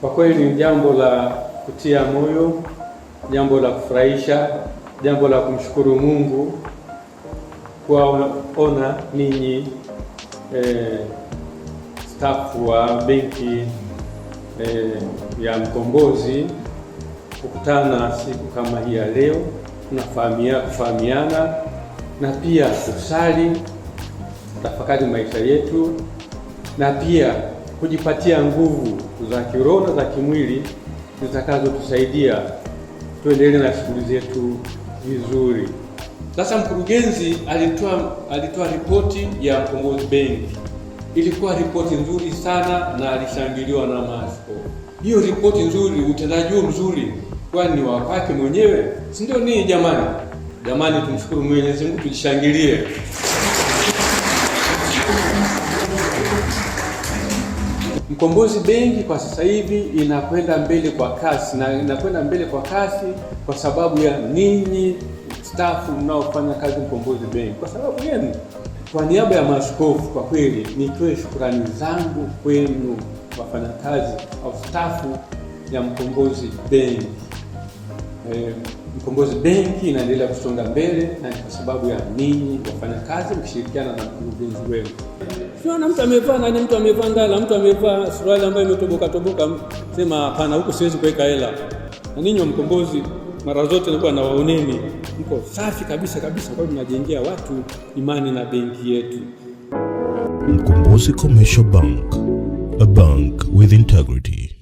Kwa kweli ni jambo la kutia moyo, jambo la kufurahisha, jambo la kumshukuru Mungu kuwaona ninyi eh, stafu wa benki eh, ya Mkombozi kukutana siku kama hii ya leo, tunafahamia kufahamiana na pia kusali, tafakari maisha yetu na pia kujipatia nguvu za kiroho na za kimwili zitakazotusaidia tuendelee na shughuli zetu vizuri. Sasa mkurugenzi alitoa alitoa ripoti ya Mkombozi Benki. Ilikuwa ripoti nzuri sana na alishangiliwa na maaskofu. Hiyo ripoti nzuri, utendaji huo mzuri, kwani ni wapake mwenyewe, si ndio? Nii jamani, jamani, tumshukuru Mwenyezi Mungu, tulishangilie. Mkombozi Benki kwa sasa hivi inakwenda mbele kwa kasi na inakwenda mbele kwa kasi kwa sababu ya ninyi stafu mnaofanya kazi Mkombozi Benki. Kwa sababu yenu, kwa niaba ya maaskofu, kwa kweli nitoe shukrani zangu kwenu wafanyakazi au stafu ya Mkombozi Benki. E, Mkombozi Benki inaendelea kusonga mbele na kwa sababu ya ninyi wafanyakazi mkishirikiana na mkurugenzi wenu. Ukiona mtu amevaa nani, mtu amevaa ndala, mtu amevaa suruali ambayo imetoboka toboka, sema hapana, huko siwezi kuweka hela. Na ninyi wa Mkombozi mara zote nilikuwa nawaoneni mko safi kabisa kabisa, kwa mnajengea watu imani na benki yetu Mkombozi Commercial Bank, a bank with integrity.